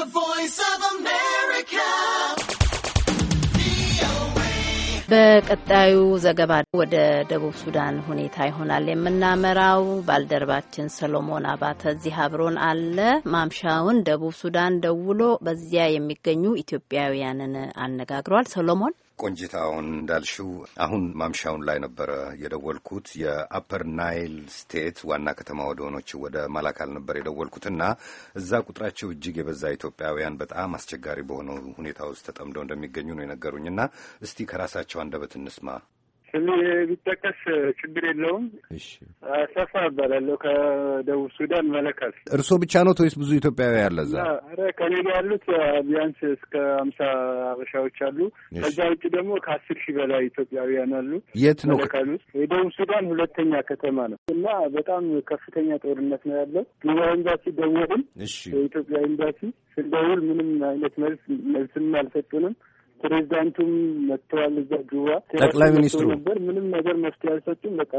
The Voice of America. በቀጣዩ ዘገባ ወደ ደቡብ ሱዳን ሁኔታ ይሆናል የምናመራው። ባልደረባችን ሰሎሞን አባተ እዚህ አብሮን አለ። ማምሻውን ደቡብ ሱዳን ደውሎ በዚያ የሚገኙ ኢትዮጵያውያንን አነጋግሯል። ሰሎሞን ቆንጅታውን እንዳልሽው አሁን ማምሻውን ላይ ነበረ የደወልኩት የአፐር ናይል ስቴት ዋና ከተማ ወደ ሆኖች ወደ ማላካል ነበር የደወልኩትና እዛ ቁጥራቸው እጅግ የበዛ ኢትዮጵያውያን በጣም አስቸጋሪ በሆነው ሁኔታ ውስጥ ተጠምደው እንደሚገኙ ነው የነገሩኝና እስቲ ከራሳቸው አንደበት እንስማ። ስሜ ቢጠቀስ ችግር የለውም። ሰፋ እባላለሁ ከደቡብ ሱዳን መለካት። እርስዎ ብቻ ኖት ወይስ ብዙ ኢትዮጵያዊ አለ እዛ? ኧረ ከኔ ጋር ያሉት ቢያንስ እስከ አምሳ አበሻዎች አሉ። ከዛ ውጭ ደግሞ ከአስር ሺህ በላይ ኢትዮጵያውያን አሉ። የት ነው ውስጥ? የደቡብ ሱዳን ሁለተኛ ከተማ ነው እና በጣም ከፍተኛ ጦርነት ነው ያለው። ግባ ኤምባሲ ደወልን፣ የኢትዮጵያ ኤምባሲ ስንደውል ምንም አይነት መልስ መልስም አልሰጡንም። ፕሬዚዳንቱም መጥተዋል። እዛ ጁባ ጠቅላይ ሚኒስትሩ ነበር። ምንም ነገር መፍትሄ አልሰጡም። በቃ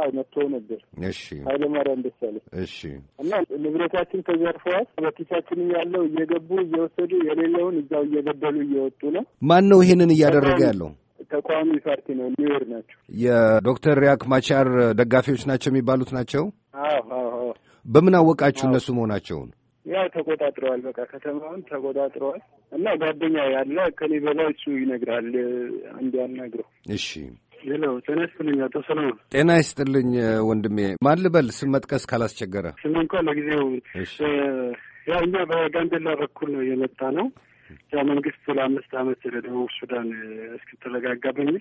አዎ መጥተው ነበር። እሺ ኃይለማርያም ደሳለኝ። እሺ እና ንብረታችን ተዘርፈዋል። በኪሳችንም ያለው እየገቡ እየወሰዱ የሌለውን እዛው እየገደሉ እየወጡ ነው። ማን ነው ይሄንን እያደረገ ያለው? ተቃዋሚ ፓርቲ ነው። ኒውር ናቸው። የዶክተር ሪያክ ማቻር ደጋፊዎች ናቸው የሚባሉት ናቸው። አዎ አዎ። በምን አወቃችሁ እነሱ መሆናቸውን? ያው ተቆጣጥረዋል። በቃ ከተማውን ተቆጣጥረዋል እና ጓደኛ ያለ ከኔ በላዎቹ ይነግራል። እንዲያን ነግረው እሺ ሌላው ጤና ይስጥልኝ አቶ ሰለሞን። ጤና ይስጥልኝ ወንድሜ። ማን ልበል? ስም መጥቀስ ካላስቸገረ ስም እንኳ ለጊዜው ያው እኛ በጋምቤላ በኩል ነው የመጣ ነው ያው መንግስት ለአምስት አመት ለደቡብ ሱዳን እስክትረጋጋ በሚል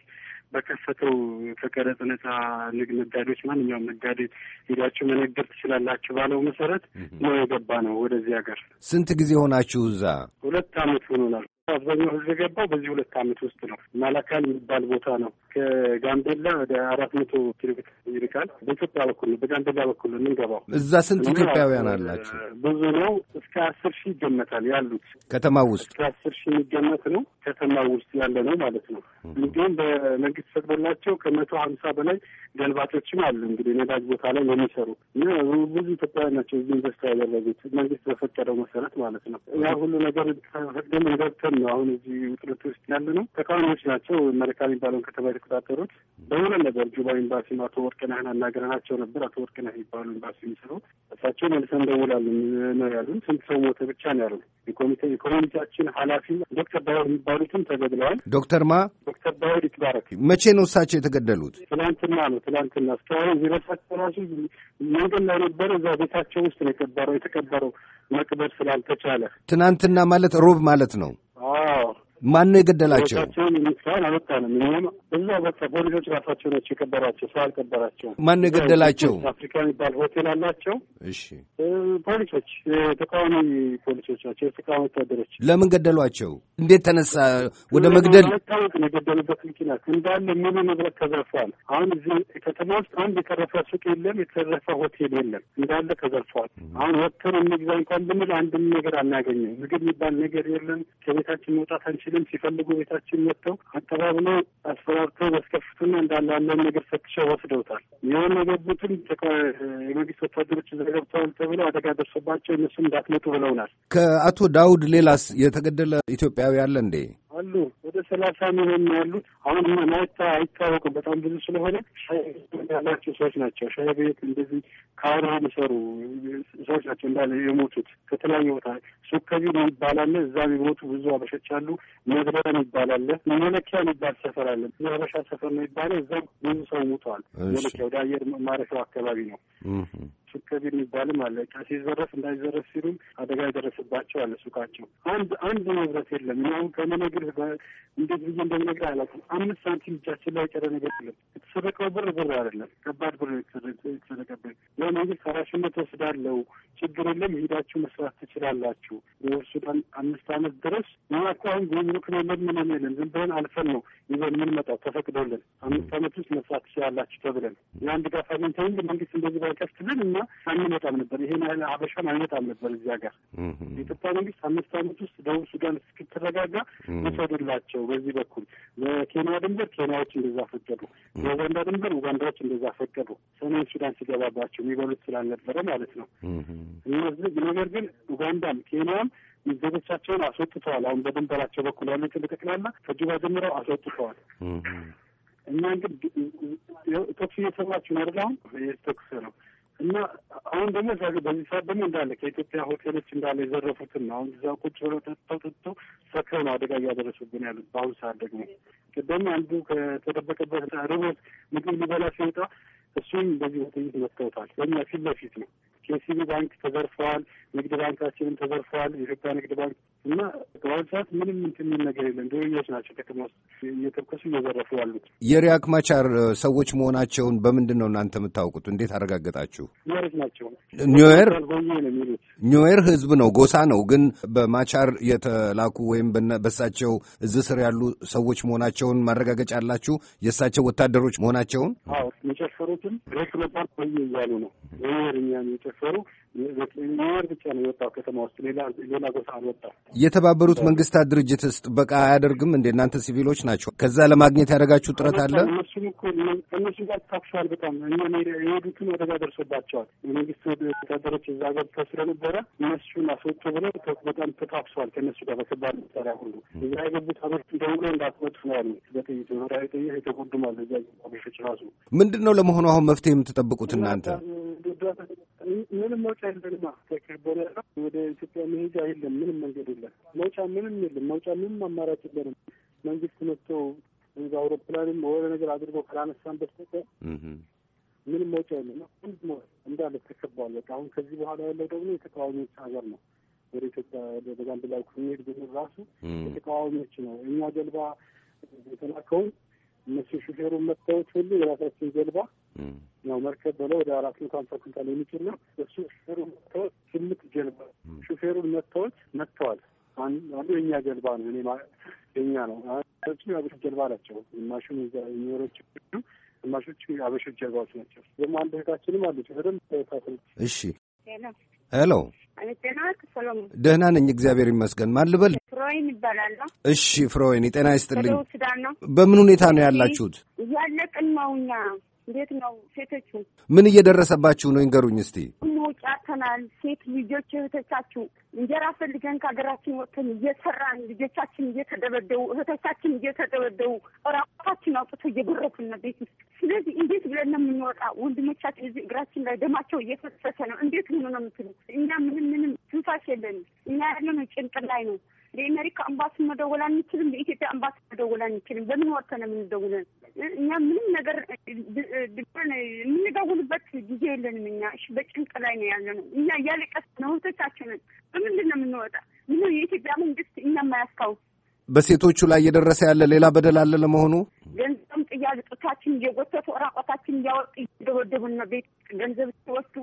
በከፈተው ከቀረጥ ነጻ ንግድ ነጋዴዎች ማንኛውም ነጋዴ ሄዳችሁ መነገር ትችላላችሁ ባለው መሰረት ነው የገባ ነው ወደዚህ ሀገር። ስንት ጊዜ ሆናችሁ እዛ? ሁለት አመት ሆኖናል። አብዛኛው ህዝብ የገባው በዚህ ሁለት አመት ውስጥ ነው። ማላካል የሚባል ቦታ ነው። ከጋምቤላ ወደ አራት መቶ ኪሎ ሜትር ይርቃል። በኢትዮጵያ በኩል ነው፣ በጋምቤላ በኩል ነው የምንገባው። እዛ ስንት ኢትዮጵያውያን አላችሁ? ብዙ ነው። እስከ አስር ሺህ ይገመታል ያሉት ከተማ ውስጥ እስከ አስር ሺህ የሚገመት ነው። ከተማ ውስጥ ያለ ነው ማለት ነው። እንዲሁም በመንግስት ፈቅዶላቸው ከመቶ ሀምሳ በላይ ገልባጮችም አሉ። እንግዲህ ነዳጅ ቦታ ላይ የሚሰሩ እና ብዙ ኢትዮጵያውያን ናቸው እዚህ ኢንቨስት ያደረጉት መንግስት በፈቀደው መሰረት ማለት ነው። ያ ሁሉ ነገር ፈቅደን ገብተን ነው አሁን እዚህ ውጥረት ውስጥ ያለ ነው። ተቃዋሚዎች ናቸው መለካ የሚባለውን ከተማ የተቆጣጠሩት በሁለት ነገር ጁባ ኤምባሲ አቶ ወርቅነህን አናገረናቸው ነበር። አቶ ወርቅነህ የሚባሉ ኤምባሲ የሚሰሩ እሳቸው መልሰን እንደውላለን ነው ያሉን። ስንት ሰው ሞተ ብቻ ነው ያሉን። የኮሚኒቲያችን ኃላፊ ዶክተር ባወር የሚባሉትም ተገድለዋል። ዶክተር ማ ዶክተር ባወር ይትባረክ። መቼ ነው እሳቸው የተገደሉት? ትላንትና ነው ትላንትና። እስካሁን ዜረሳቸው ራሱ መንገድ ላይ ነበረ። እዛ ቤታቸው ውስጥ ነው የቀበረው የተቀበረው መቅበር ስላልተቻለ ትናንትና ማለት ሮብ ማለት ነው። Oh, ማን ነው የገደላቸው? አልወጣንም። እኛም በቃ ፖሊሶች ራሳቸው ናቸው የቀበራቸው፣ ሰው ማን ነው የገደላቸው? አፍሪካ የሚባል ሆቴል አላቸው። እሺ፣ ፖሊሶች፣ ተቃዋሚ ፖሊሶች ናቸው፣ የተቃዋሚ ወታደሮች። ለምን ገደሏቸው? እንዴት ተነሳ ወደ መግደል? ታወቅ የገደሉበት ምክንያት እንዳለ ሙሉ ንብረት ተዘርፏል። አሁን እዚህ ከተማ ውስጥ አንድ የተረፈ ሱቅ የለም፣ የተረፈ ሆቴል የለም፣ እንዳለ ተዘርፏል። አሁን ወጥተን እንግዛ እንኳን ልምል አንድም ነገር አናገኘም። ምግብ የሚባል ነገር የለም። ከቤታችን መውጣት አንችል ቤታችንም ሲፈልጉ ቤታችን መጥተው አጠባብለው አስፈራርተው ያስከፍቱና እንዳለ ያለን ነገር ፈትሸው ወስደውታል። ይህን የገቡትም የመንግስት ወታደሮች ዘገብተዋል ተብሎ አደጋ ደርሶባቸው እነሱም እንዳትመጡ ብለውናል። ከአቶ ዳውድ ሌላስ የተገደለ ኢትዮጵያዊ አለ እንዴ? አሉ ወደ ሰላሳ ሚሆን ያሉት አሁን ማይታ አይታወቅም። በጣም ብዙ ስለሆነ ያላቸው ሰዎች ናቸው። ሻይ ቤት እንደዚህ ካሮ የሚሰሩ ሰዎች ናቸው እንዳለ የሞቱት ከተለያየ ቦታ ሱከቢ ይባላል። እዛ የሞቱ ብዙ አበሾች አሉ። መግበረን ይባላል። መለኪያ የሚባል ሰፈር አለ። የሀበሻ ሰፈር ነው ይባለ። እዛም ብዙ ሰው ሙተዋል። መለኪያ ወደ አየር ማረፊያው አካባቢ ነው። ስከብ የሚባልም አለ። እቃ ሲዘረፍ እንዳይዘረፍ ሲሉም አደጋ የደረሰባቸው አለ። ሱቃቸው አንድ አንድ ንብረት የለም። እኔ አሁን ከምነግርህ እንዴት ብዬ እንደምነግርህ አላውቅም። አምስት ሳንቲም እጃችን ላይ የቀረ ነገር የለም። የተሰረቀው ብር ብር አይደለም፣ ከባድ ብር የተሰረቀብን። ያ መንግስት ኃላፊነት ወስዳለው፣ ችግር የለም፣ ሄዳችሁ መስራት ትችላላችሁ። ሱዳን አምስት አመት ድረስ አሁን ጉምሩክ ነው ምንም የለን ዝም ብለን አልፈን ነው ይዘን የምንመጣው ተፈቅዶልን አምስት አመት ውስጥ መስራት ትችላላችሁ ተብለን ያን ድጋፍ አግኝተን መንግስት እንደዚህ ባይቀፍትልን እና አንመጣም ነበር። ይሄን ያህል ሀበሻም አይመጣም ነበር እዚህ ሀገር። የኢትዮጵያ መንግስት አምስት አመት ውስጥ ደቡብ ሱዳን እስክትረጋጋ መሰደላቸው በዚህ በኩል በኬንያ ድንበር ኬንያዎች እንደዛ ፈቀዱ፣ በኡጋንዳ ድንበር ኡጋንዳዎች እንደዛ ፈቀዱ። ሰሜን ሱዳን ሲገባባቸው የሚበሉት ስላልነበረ ማለት ነው። እነዚህ ነገር ግን ኡጋንዳም ኬንያም ዜጎቻቸውን አስወጥተዋል። አሁን በድንበራቸው በኩል ያሉትን በጠቅላላ ከጁባ ጀምረው አስወጥተዋል። እና ግን ተኩስ እየሰማችሁ ነው አይደል? አሁን ተኩስ ነው። እና አሁን ደግሞ እዛ በዚህ ሰዓት ደግሞ እንዳለ ከኢትዮጵያ ሆቴሎች እንዳለ የዘረፉትን አሁን እዛ ቁጭ ብለው ጠጥተው ጠጥተው ሰክረው ነው አደጋ እያደረሱብን ያሉት በአሁን ሰዓት ደግሞ ሲገደም አንዱ ከተደበቀበት ርቦት ምግብ ሊበላ ሲወጣ እሱም በዚህ በጥይት መትተውታል። በእኛ ፊት ለፊት ነው። ኬሲቢ ባንክ ተዘርፈዋል። ንግድ ባንካችንም ተዘርፈዋል። የኢትዮጵያ ንግድ ባንክ እና በአሁኑ ሰዓት ምንም እንትን የሚል ነገር የለም። ድርኞች ናቸው ከተማ ውስጥ እየተኮሱ እየዘረፉ ያሉት የሪያክ ማቻር ሰዎች መሆናቸውን በምንድን ነው እናንተ የምታውቁት? እንዴት አረጋገጣችሁ? ኒዌርስ ናቸው። ኒዌር ኒዌር ህዝብ ነው፣ ጎሳ ነው። ግን በማቻር የተላኩ ወይም በሳቸው እዝ ስር ያሉ ሰዎች መሆናቸው መሆናቸውን ማረጋገጫ አላችሁ? የእሳቸው ወታደሮች መሆናቸውን? አዎ የጨፈሩትም ሬክሎፓል ቆየ እያሉ ነው ወይኛ የጨፈሩ ማዋር ብቻ ነው የወጣው ከተማ ውስጥ ሌላ ሌላ ቦታ አልወጣም። የተባበሩት መንግስታት ድርጅት ድርጅትስ ጥበቃ አያደርግም እንዴ? እናንተ ሲቪሎች ናቸው። ከዛ ለማግኘት ያደረጋችሁ ጥረት አለ? እነሱም እኮ ከእነሱ ጋር ታክሷል። በጣም እኛ የሄዱትን አደጋ ደርሶባቸዋል። የመንግስት ወታደሮች እዛ ተስረ ነበረ እነሱን አስወጡ ብሎ በጣም ተታክሷል። ከእነሱ ጋር በከባድ መሳሪያ ሁሉ እዛ የገቡት አበርት እንደሁሎ እንዳትመጡ ነው ያሉ። በጥይት ራዊ ጥይት የተጎዱማል። እዛ ቤሾች ራሱ ምንድን ነው ለመሆኑ አሁን መፍትሄ የምትጠብቁት እናንተ ምንም መውጫ የለንማ። ከቦሌ ወደ ኢትዮጵያ መሄጃ የለም። ምንም መንገድ የለም። መውጫ ምንም የለም። መውጫ ምንም አማራጭ የለንም። መንግስት መጥቶ አውሮፕላንም ወደ ነገር አድርጎ ካላነሳን በስተቀር ምንም መውጫ የለም። እንዳለ ተከቧል። በቃ አሁን ከዚህ በኋላ ያለው ደግሞ የተቃዋሚዎች ሀገር ነው። ወደ ኢትዮጵያ ወደ በጋምቤላ የሚሄድ ብንል ራሱ የተቃዋሚዎች ነው። እኛ ጀልባ የተላከውን እነሱ ሹፌሩ መታዎች ሁሉ የራሳችን ጀልባ ያው መርከብ በለው ወደ አራት መቶ ሀምሳ ኩንታል የሚችል ነው። እሱ ሹፌሩ መታዎች ትልቅ ጀልባ ሹፌሩን መታዎች መጥተዋል። አንዱ የኛ ጀልባ ነው። እኔ የኛ ነው። አበሾች ጀልባ ናቸው። ግማሹ የሚኖሮች ግማሾች አበሾች ጀልባዎች ናቸው። ደግሞ አንድ እህታችንም አለች በደንብ ታስረች። እሺ ሄሎ ደህና ነኝ፣ እግዚአብሔር ይመስገን። ማን ልበል? ፍሮይን ይባላለሁ። እሺ ፍሮይን፣ የጤና ይስጥልኝ። ሱዳን ነው። በምን ሁኔታ ነው ያላችሁት? እያለቅን ነው እኛ። እንዴት ነው ሴቶቹ? ምን እየደረሰባችሁ ነው? ይንገሩኝ እስቲ። ወጥተናል። ሴት ልጆች እህቶቻችሁ እንጀራ ፈልገን ከሀገራችን ወጥተን እየሰራን ልጆቻችን እየተደበደቡ እህቶቻችን እየተደበደቡ ራቁታችን አውጥቶ እየጎረፉን ቤት ውስጥ። ስለዚህ እንዴት ብለን ነው የምንወጣ? ወንድሞቻችን እዚህ እግራችን ላይ ደማቸው እየፈሰሰ ነው። እንዴት ሆኖ ነው የምትሉ? እኛ ምንም ምንም ትንፋሽ የለን። እኛ ያለነው ጭንቅ ላይ ነው። የአሜሪካ አምባሲ መደወል አንችልም፣ የኢትዮጵያ አምባሲ መደወል አንችልም። በምን ወጥተን ነው የምንደውለን? እኛ ምንም ነገር የምንደውልበት ጊዜ የለንም። እኛ እሺ፣ በጭንቅ ላይ ነው ያለ ነው። እኛ እያለቀስን ነው። እህቶቻችንን በምንድን ነው የምንወጣ? ምን የኢትዮጵያ መንግስት እኛ የማያስታውስ በሴቶቹ ላይ እየደረሰ ያለ ሌላ በደል አለ ለመሆኑ ገንዘብም ጥያቄ ጡታችን እየጎተቱ እራቆታችን እያወጡ እየደበደቡን ነው። ቤት ገንዘብ ሲወስዱ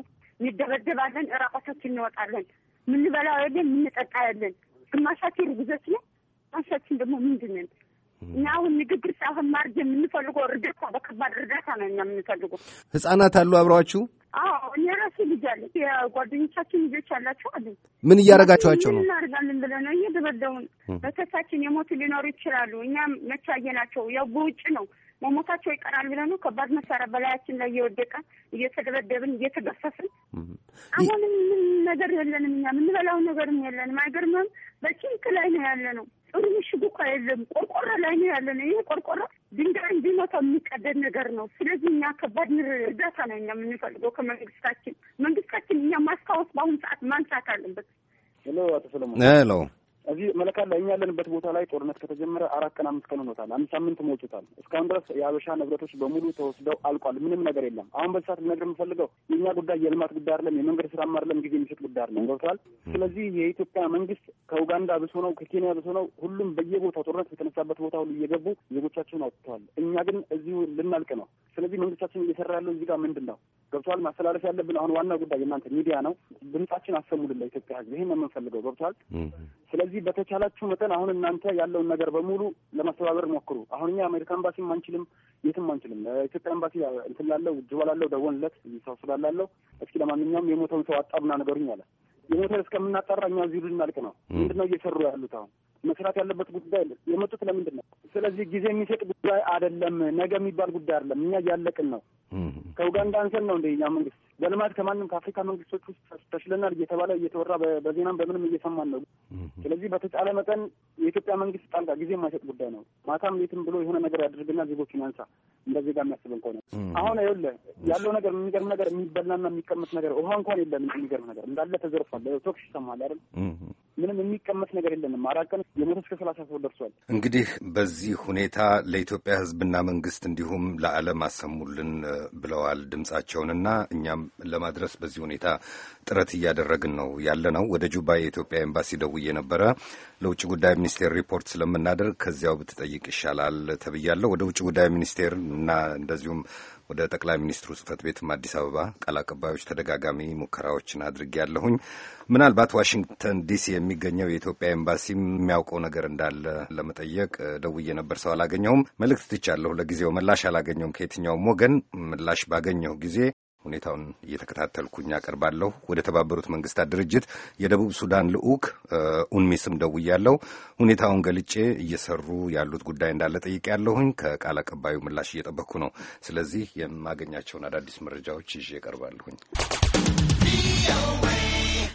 እንደበደባለን፣ እራቆታችን እንወጣለን። ምንበላው የለን፣ ምንጠጣ የለን። ግማሻችን ርጉዞች ነን፣ ግማሻችን ደግሞ ምንድን ነን እና አሁን ንግግር ሳይሆን ማርጅ የምንፈልገው እርዳታ፣ በከባድ እርዳታ ነው እኛ የምንፈልገው። ህጻናት አሉ አብረዋችሁ? አዎ እኔ ራሴ ልጅ አለ፣ የጓደኞቻችን ልጆች አላቸው አሉ። ምን እያደረጋችኋቸው ነው? እናደርጋለን ብለ ነው እየደበደቡን። በተሳችን የሞት ሊኖሩ ይችላሉ። እኛ መቻየ ናቸው ያው በውጭ ነው መሞታቸው ይቀራል ብለ ነው ከባድ መሳሪያ በላያችን ላይ እየወደቀ እየተደበደብን እየተገፈፍን አሁንም ምን ነገር የለንም። እኛ የምንበላው ነገርም የለንም። አይገርምም? በጭንቅ ላይ ነው ያለ ነው። ጥሩ ምሽግ እኮ የለም። ቆርቆሮ ላይ ነው ያለ ነው። ይህ ቆርቆሮ ድንጋይ እንዲመታ የሚቀደድ ነገር ነው። ስለዚህ እኛ ከባድ እርዳታ ነው እኛ የምንፈልገው ከመንግስታችን። መንግስታችን እኛ ማስታወስ በአሁኑ ሰዓት ማንሳት አለበት። ሄሎ፣ አቶ ሰለሞን ሄሎ እዚህ መለካ ላይ እኛ ያለንበት ቦታ ላይ ጦርነት ከተጀመረ አራት ቀን አምስት ቀን ሆኖታል። አንድ ሳምንት ሞልቶታል። እስካሁን ድረስ የአበሻ ንብረቶች በሙሉ ተወስደው አልቋል። ምንም ነገር የለም። አሁን በዚህ ሰዓት ልነግር የምፈልገው የእኛ ጉዳይ የልማት ጉዳይ አይደለም፣ የመንገድ ስራ አይደለም፣ ጊዜ የሚሰጥ ጉዳይ አይደለም። ገብተዋል። ስለዚህ የኢትዮጵያ መንግስት ከኡጋንዳ ብሶ ነው፣ ከኬንያ ብሶ ነው፣ ሁሉም በየቦታው ጦርነት የተነሳበት ቦታ ሁሉ እየገቡ ዜጎቻቸውን አውጥተዋል። እኛ ግን እዚሁ ልናልቅ ነው። ስለዚህ መንግስታችን እየሰራ ያለው እዚህ ጋር ምንድን ነው ገብተዋል። ማስተላለፍ ያለብን አሁን ዋና ጉዳይ የእናንተ ሚዲያ ነው። ድምጻችን አሰሙልን ለኢትዮጵያ ህዝብ። ይህን ነው የምንፈልገው። ገብተዋል። ስለዚህ ስለዚህ በተቻላችሁ መጠን አሁን እናንተ ያለውን ነገር በሙሉ ለማስተባበር ሞክሩ። አሁን እኛ አሜሪካ ኤምባሲም አንችልም፣ የትም አንችልም። ኢትዮጵያ ኤምባሲ እንትን ላለው ጅባ ላለው ደወልንለት፣ ሰው ስላላለው እስኪ ለማንኛውም የሞተውን ሰው አጣሩና ነገሩኝ አለ። የሞተን እስከምናጣራ እኛ እዚሁ ልናልቅ ነው። ምንድን ነው እየሰሩ ያሉት አሁን መስራት ያለበት ጉዳይ የመጡት ለምንድን ነው? ስለዚህ ጊዜ የሚሰጥ ጉዳይ አይደለም። ነገ የሚባል ጉዳይ አይደለም። እኛ እያለቅን ነው። ከኡጋንዳ አንሰን ነው እንደ የእኛ መንግስት በልማት ከማንም ከአፍሪካ መንግስቶች ውስጥ ተሽለናል እየተባለ እየተወራ በዜናም በምንም እየሰማን ነው። ስለዚህ በተቻለ መጠን የኢትዮጵያ መንግስት ጣልቃ ጊዜ የማይሰጥ ጉዳይ ነው። ማታም ሌትም ብሎ የሆነ ነገር ያድርግና ዜጎችን ያንሳ እንደ ዜጋ የሚያስብን ከሆነ አሁን የለ ያለው ነገር የሚገርም ነገር የሚበላና የሚቀመስ ነገር ውሃ እንኳን የለም። የሚገርም ነገር እንዳለ ተዘርፏል። ቶክሽ ይሰማል አይደል? ምንም የሚቀመስ ነገር የለንም። አራት ቀን እስከ ሰላሳ ሰው ደርሷል። እንግዲህ በዚህ ሁኔታ ለኢትዮጵያ ህዝብና መንግስት እንዲሁም ለዓለም አሰሙልን ብለዋል ድምጻቸውንና እኛም ለማድረስ በዚህ ሁኔታ ጥረት እያደረግን ነው ያለ ነው። ወደ ጁባ የኢትዮጵያ ኤምባሲ ደውዬ ነበረ። ለውጭ ጉዳይ ሚኒስቴር ሪፖርት ስለምናደርግ ከዚያው ብትጠይቅ ይሻላል ተብያለሁ። ወደ ውጭ ጉዳይ ሚኒስቴር እና እንደዚሁም ወደ ጠቅላይ ሚኒስትሩ ጽህፈት ቤትም አዲስ አበባ ቃል አቀባዮች ተደጋጋሚ ሙከራዎችን አድርጌ ያለሁኝ። ምናልባት ዋሽንግተን ዲሲ የሚገኘው የኢትዮጵያ ኤምባሲ የሚያውቀው ነገር እንዳለ ለመጠየቅ ደውዬ ነበር። ሰው አላገኘሁም። መልእክት ትቻለሁ። ለጊዜው ምላሽ አላገኘሁም ከየትኛውም ወገን። ምላሽ ባገኘሁ ጊዜ ሁኔታውን እየተከታተልኩኝ አቀርባለሁ። ወደ ተባበሩት መንግስታት ድርጅት የደቡብ ሱዳን ልዑክ ኡንሚስም ደውያለሁ። ሁኔታውን ገልጬ እየሰሩ ያሉት ጉዳይ እንዳለ ያለሁኝ ከቃል አቀባዩ ምላሽ እየጠበቅኩ ነው። ስለዚህ የማገኛቸውን አዳዲስ መረጃዎች ይዤ እቀርባለሁኝ።